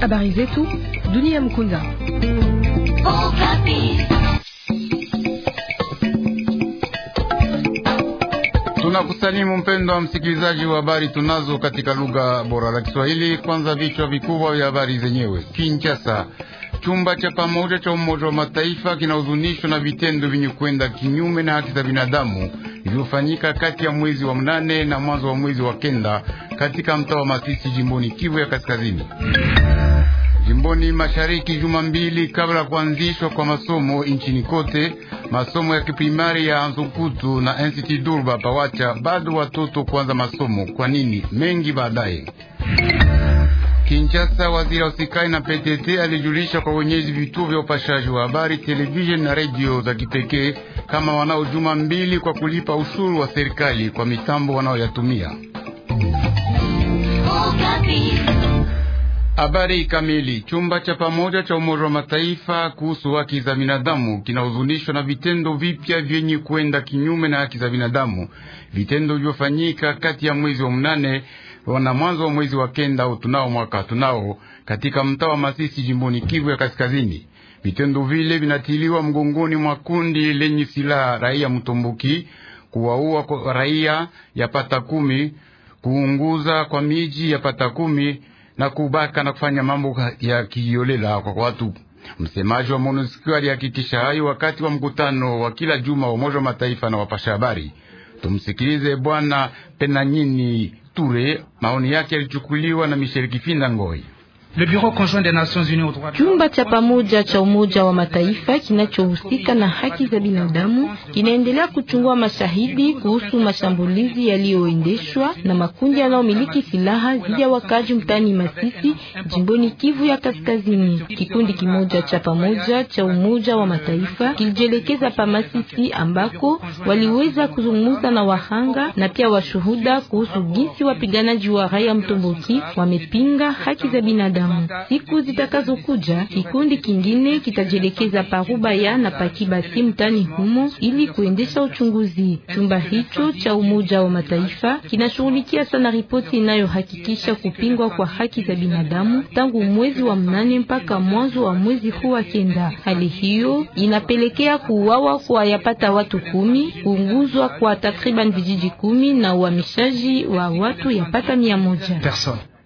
Habari zetu dunia Mkunda. Tunakusalimu wa msikilizaji wa habari tunazo katika lugha bora la Kiswahili. Kwanza vichwa vikubwa vya habari zenyewe. Kinshasa, chumba cha pamoja cha Umoja wa Mataifa kinahuzunishwa na vitendo vyenye kwenda kinyume na haki za binadamu zilizofanyika kati ya mwezi wa mnane na mwanzo wa mwezi wa kenda katika mtaa wa Masisi jimboni Kivu ya Kaskazini. Jimboni Mashariki, juma mbili kabla ya kuanzishwa kwa masomo nchini kote, masomo ya kiprimari ya Nzukutu na NCT Durba pawacha bado watoto kuanza masomo. Kwa nini mengi baadaye Kinshasa, waziri wa usikai na PTT alijulisha kwa wenyezi vituo vya upashaji wa habari, televisheni na radio za kipekee kama wanaojuma mbili kwa kulipa ushuru wa serikali kwa mitambo wanaoyatumia. Habari kamili. Chumba cha pamoja cha Umoja wa Mataifa kuhusu haki za binadamu kinahuzunishwa na vitendo vipya vyenye kwenda kinyume na haki za binadamu, vitendo vilivyofanyika kati ya mwezi wa mnane wana mwanzo wa mwezi wa kenda utunao mwaka tunao katika mtaa wa Masisi jimboni Kivu ya Kaskazini. Vitendo vile vinatiliwa mgongoni mwa kundi lenye silaha raia Mtumbuki, kuwaua kwa raia ya pata kumi, kuunguza kwa miji ya pata kumi na kubaka na kufanya mambo ya kiolela kwa watu. Msemaji wa MONUSCO alihakikisha hayo wakati wa mkutano wa kila juma wa Umoja wa Mataifa na wapasha habari. Tumsikilize Bwana Penanyini Ture. Maoni yake yalichukuliwa na Michel Kifinda Ngoi. Chumba cha pamoja cha Umoja wa Mataifa kinachohusika na haki za binadamu kinaendelea kuchungua mashahidi kuhusu mashambulizi yaliyoendeshwa na makundi yanayomiliki silaha dhidi ya wakazi mtaani Masisi, jimboni Kivu ya Kaskazini. Kikundi kimoja cha pamoja cha Umoja wa Mataifa kilijielekeza pa Masisi, ambako waliweza kuzungumza na wahanga na pia washuhuda kuhusu jinsi wapiganaji wa raia mtomboki wamepinga haki za binadamu. Lamu. Siku zitakazokuja kikundi kingine kitajielekeza Parubaya na Pakibati mtani humo ili kuendesha uchunguzi. Chumba hicho cha Umoja wa Mataifa kinashughulikia sana ripoti inayohakikisha kupingwa kwa haki za binadamu tangu mwezi wa mnane mpaka mwanzo wa mwezi huu wa kenda. Hali hiyo inapelekea kuuawa kwa yapata watu kumi, kuunguzwa kwa takriban vijiji kumi na uhamishaji wa watu yapata mia moja.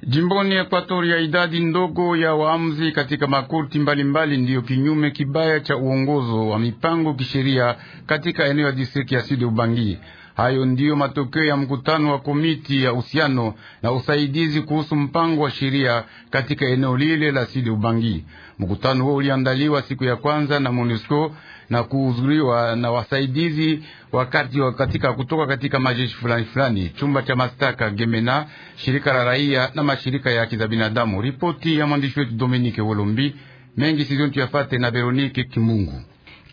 Jimboni Ekuatoria idadi ndogo ya waamuzi katika makurti mbalimbali ndiyo kinyume kibaya cha uongozo wa mipango kisheria katika eneo ya distrikti ya Sud Ubangi. Hayo ndiyo matokeo ya mkutano wa komiti ya uhusiano na usaidizi kuhusu mpango wa sheria katika eneo lile la Sidi Ubangi. Mkutano huo uliandaliwa siku ya kwanza na MONUSCO na kuhudhuriwa na wasaidizi wakati wa katika kutoka katika majeshi fulani fulani, chumba cha mastaka Gemena, shirika la raia na mashirika ya haki za binadamu. Ripoti ya mwandishi wetu Dominique Wolombi mengi sizontu yafate na Veronique Kimungu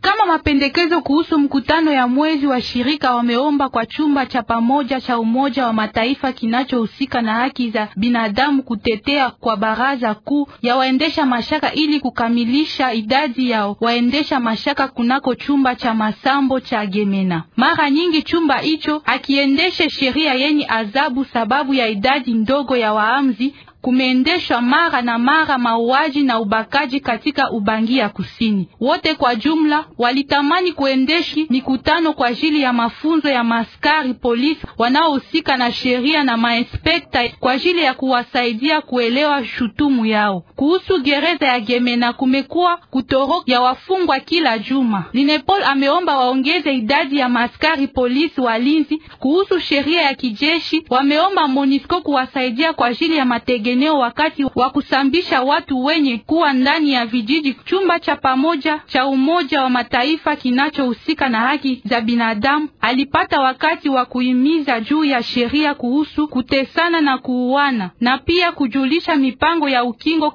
kama mapendekezo kuhusu mkutano ya mwezi wa shirika wameomba kwa chumba cha pamoja cha Umoja wa Mataifa kinachohusika na haki za binadamu kutetea kwa baraza kuu ya waendesha mashaka ili kukamilisha idadi ya waendesha mashaka kunako chumba cha masambo cha Gemena. Mara nyingi chumba hicho akiendeshe sheria yenye adhabu sababu ya idadi ndogo ya waamzi kumeendeshwa mara na mara mauaji na ubakaji katika Ubangi ya Kusini. Wote kwa jumla walitamani kuendeshi mikutano kwa ajili ya mafunzo ya maskari polisi wanaohusika na sheria na mainspekta kwa ajili ya kuwasaidia kuelewa shutumu yao. Kuhusu gereza ya Gemena, kumekuwa kutoroka ya wafungwa kila juma. Linepol ameomba waongeze idadi ya maskari polisi walinzi. Kuhusu sheria ya kijeshi, wameomba Monisco kuwasaidia kwa ajili ya matege eneo wakati wa kusambisha watu wenye kuwa ndani ya vijiji. Chumba cha pamoja cha Umoja wa Mataifa kinachohusika na haki za binadamu alipata wakati wa kuhimiza juu ya sheria kuhusu kutesana na kuuana na pia kujulisha mipango ya ukingo.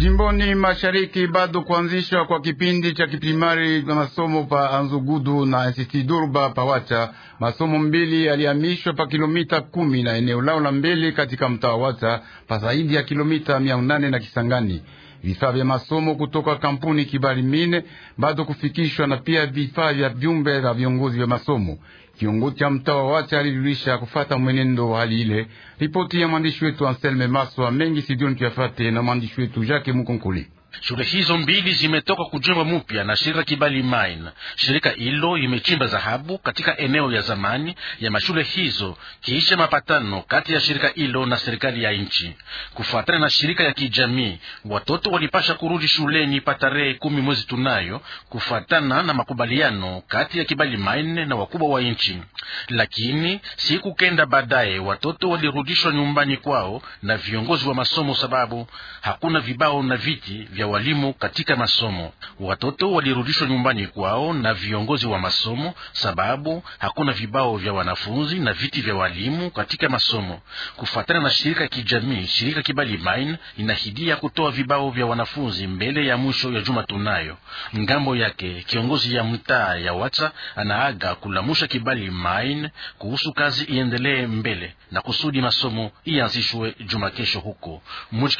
Jimboni mashariki bado kuanzishwa kwa kipindi cha kiprimari na masomo pa Anzugudu na Nsiti Durba pawacha masomo mbili yalihamishwa pa kilomita kumi na eneo lao la mbele katika mtaa Wacha pa zaidi ya kilomita mia nane na Kisangani. Vifaa vya masomo kutoka kampuni Kibali Mine bado kufikishwa na pia vifaa vya vyumbe vya viongozi vya masomo Kiongozi cha mtaa wa Wacha alijulisha kufata mwenendo wa hali ile. Ripoti ya mwandishi wetu Anselme Maswa mengi sidioni tuyafate na mwandishi wetu Jacques Mukonkoli. Shule hizo mbili zimetoka kujengwa mupya na shirika Kibali Mine. Shirika hilo imechimba dhahabu katika eneo ya zamani ya mashule hizo kiisha mapatano kati ya shirika hilo na serikali ya nchi. Kufuatana na shirika ya kijamii, watoto walipasha kurudi shuleni pa tarehe kumi mwezi tunayo, kufuatana na makubaliano kati ya Kibali Mine na wakubwa wa nchi. Lakini siku kenda baadaye watoto walirudishwa nyumbani kwao na viongozi wa masomo, sababu hakuna vibao na viti vya walimu katika masomo. Watoto walirudishwa nyumbani kwao na viongozi wa masomo, sababu hakuna vibao vya wanafunzi na viti vya walimu katika masomo. Kufuatana na shirika kijamii, shirika Kibali Mine inahidia kutoa vibao vya wanafunzi mbele ya mwisho ya juma tunayo. Ngambo yake kiongozi ya mtaa ya Wacha anaaga kulamusha Kibali Mine kuhusu kazi iendelee mbele na kusudi masomo ianzishwe juma kesho huko Muji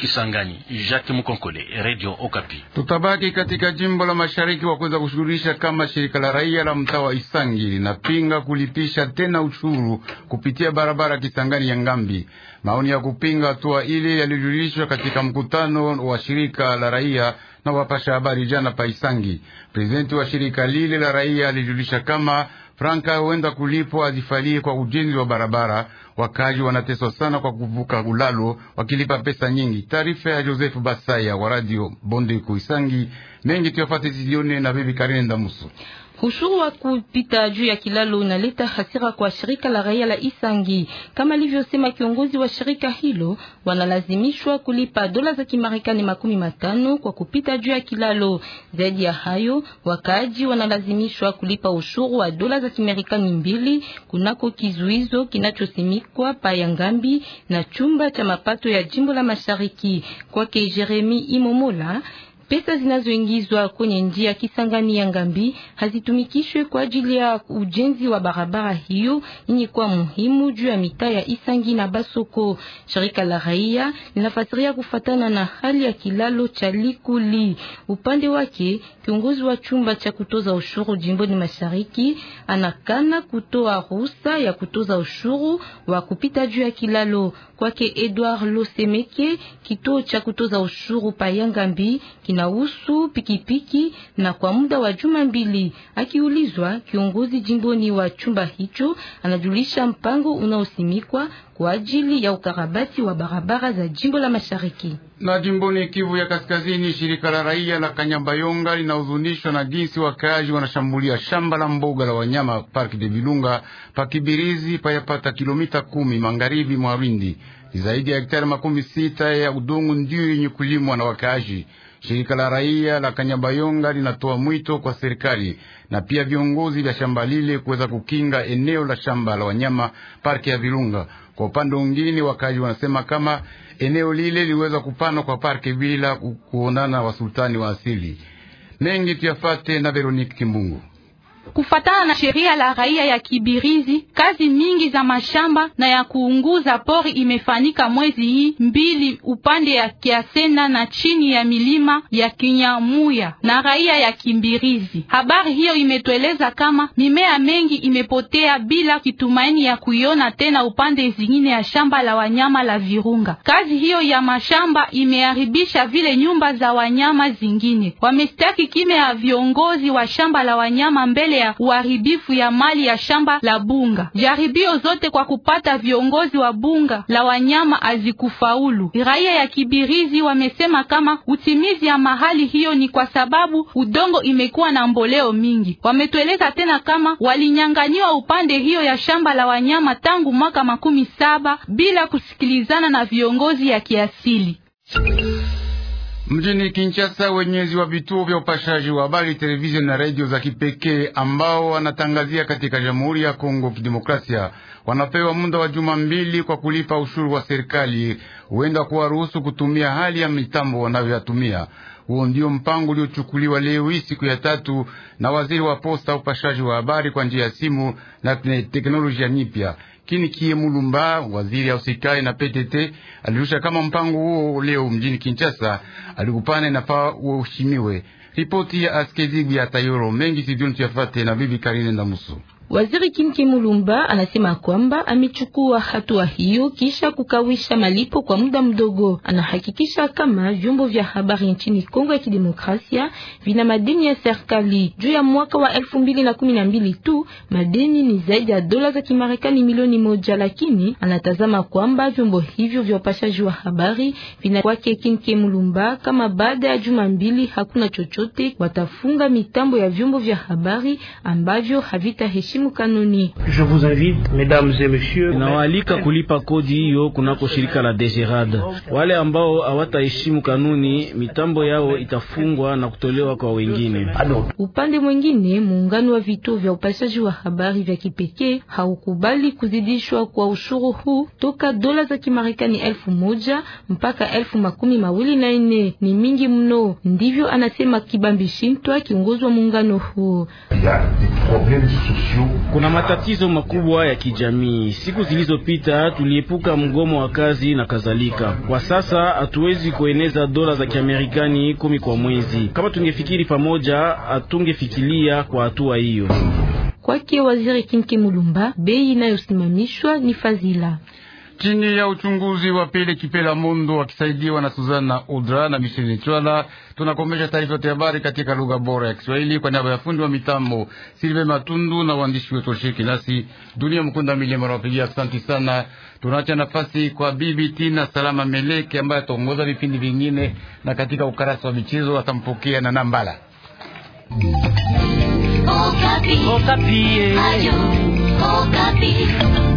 Jacques Mukonkole, Radio Radio Okapi. Tutabaki katika jimbo la mashariki wa kuweza kushughulisha kama shirika la raia la mtaa wa Isangi linapinga kulipisha tena uchuru kupitia barabara Kisangani ya Ngambi. Maoni ya kupinga hatua ile yalijulishwa katika mkutano wa shirika la raia na wapasha habari jana pa Isangi. Prezidenti wa shirika lile la raia alijulisha kama franka huenda kulipo azifalii kwa ujenzi wa barabara. Wakaji wanateswa sana kwa kuvuka ulalo wakilipa pesa nyingi. Taarifa ya Joseph Basaya wa Radio Bonde Kuisangi mengi tuyafate zijione na bibi Karine Ndamusu. Ushuru wa kupita juu ya kilalo unaleta hasira kwa shirika la raia la Isangi. Kama alivyosema kiongozi wa shirika hilo, wanalazimishwa kulipa dola za Kimarekani makumi matano kwa kupita juu ya kilalo. Zaidi ya hayo, wakaaji wanalazimishwa kulipa ushuru wa dola za Kimarekani mbili kunako kizuizo kinachosimikwa Payangambi na chumba cha mapato ya jimbo la Mashariki kwake Jeremy Imomola Pesa zinazoingizwa kwenye njia Kisangani ya Ngambi hazitumikishwe kwa ajili ya ujenzi wa barabara hiyo yenye kuwa muhimu juu ya mitaa ya Isangi na Basoko. Shirika la raia linafasiria kufuatana na hali ya kilalo cha Likuli. Upande wake, kiongozi wa chumba cha kutoza ushuru jimboni Mashariki anakana kutoa ruhusa ya kutoza ushuru wa kupita juu ya kilalo. Kwake Edward Losemeke, kituo cha kutoza ushuru pa Yangambi kina inahusu pikipiki na kwa muda wa juma mbili. Akiulizwa, kiongozi jimboni wa chumba hicho anajulisha mpango unaosimikwa kwa ajili ya ukarabati wa barabara za jimbo la Mashariki na jimboni Kivu ya Kaskazini, shirika la raia la kanyabayonga linahuzunishwa na jinsi wakaaji wanashambulia shamba la mboga la wanyama Park de Vilunga pakibirizi payapata kilomita kumi magharibi mwa Rwindi. Zaidi ya hektari makumi sita ya udongo ndio yenye kulimwa na wakaaji. Shirika la raia la Kanyabayonga linatoa mwito kwa serikali na pia viongozi vya shamba lile kuweza kukinga eneo la shamba la wanyama parki ya Virunga. Kwa upande mwingine, wakaji wanasema kama eneo lile liliweza kupanwa kwa parki bila kuonana wasultani wa asili. Mengi tuyafate na Veronique Kimbungu. Kufatana na sheria la raia ya Kibirizi, kazi mingi za mashamba na ya kuunguza pori imefanyika mwezi hii mbili upande ya Kiasena na chini ya milima ya Kinyamuya na raia ya Kibirizi. Habari hiyo imetueleza kama mimea mengi imepotea bila kitumaini ya kuiona tena upande zingine ya shamba la wanyama la Virunga. Kazi hiyo ya mashamba imeharibisha vile nyumba za wanyama zingine. Wamestaki kime ya viongozi wa shamba la wanyama mbele mbele ya uharibifu ya mali ya shamba la bunga. Jaribio zote kwa kupata viongozi wa bunga la wanyama hazikufaulu. Raia ya Kibirizi wamesema kama utimizi ya mahali hiyo ni kwa sababu udongo imekuwa na mboleo mingi. Wametueleza tena kama walinyang'anyiwa upande hiyo ya shamba la wanyama tangu mwaka makumi saba bila kusikilizana na viongozi ya kiasili. Mjini Kinshasa, wenyezi wa vituo vya upashaji wa habari, televisheni na redio za kipekee ambao wanatangazia katika Jamhuri ya Kongo Kidemokrasia wanapewa muda wa juma mbili kwa kulipa ushuru wa serikali, huenda kuwaruhusu kutumia hali ya mitambo wanavyoyatumia. Huo ndio mpango uliochukuliwa leo hii siku ya tatu na waziri wa posta, upashaji wa habari kwa njia ya simu na teknolojia kini Kinikie Mulumba, waziri ausikai na PTT, alirusha kama mpango huo leo mjini Kinshasa. Alikupana inafaa uheshimiwe. Ripoti ya askezigu ya Tayoro mengi sidioni tuyafate na bibi Karine Ndamusu. Waziri Kinke Mulumba anasema kwamba amechukua hatua hiyo kisha kukawisha malipo kwa muda mdogo. Anahakikisha kama vyombo vya habari nchini Kongo ya Kidemokrasia vina madeni ya serikali. Juu ya mwaka wa 2012 tu madeni ni zaidi ya dola za Kimarekani milioni moja, lakini anatazama kwamba vyombo hivyo vya upashaji wa habari vina kwake Kinke Mulumba, kama baada ya juma mbili hakuna chochote, watafunga mitambo ya vyombo vya habari ambavyo havitaheshimu kuheshimu kanuni. Nawaalika kulipa kodi hiyo kunako shirika la degerade Wale ambao hawataheshimu kanuni, mitambo yao itafungwa na kutolewa kwa wengine. Upande mwingine, muungano wa vituo vya upashaji wa habari vya kipekee haukubali kuzidishwa kwa ushuru huu toka dola za Kimarekani elfu moja mpaka elfu makumi mawili na nne. Ni mingi mno, ndivyo anasema Kibambi Shintwa, kiongozi wa muungano huu. Kuna matatizo makubwa ya kijamii. Siku zilizopita tuliepuka mgomo wa kazi na kadhalika. Kwa sasa hatuwezi kueneza dola za Kiamerikani kumi kwa mwezi. Kama tungefikiri pamoja, hatungefikilia kwa hatua hiyo. Kwake Waziri Kinki Mulumba, bei inayosimamishwa ni fadhila chini ya uchunguzi wa Pele Kipela Mondo akisaidiwa na Suzana Udra na Misheni Chwala. Tunakomesha taarifa ya habari katika lugha bora ya Kiswahili kwa niaba ya fundi wa mitambo Silve Matundu na waandishi wetu washiriki nasi dunia Mkunda Milema nawapigia asante sana. Tunaacha nafasi kwa Bibi Tina Salama Meleke ambaye ataongoza vipindi vingine, na katika ukarasa wa michezo atampokea na Nambala Okapi. Okapi. Eh. Ayo. Okapi.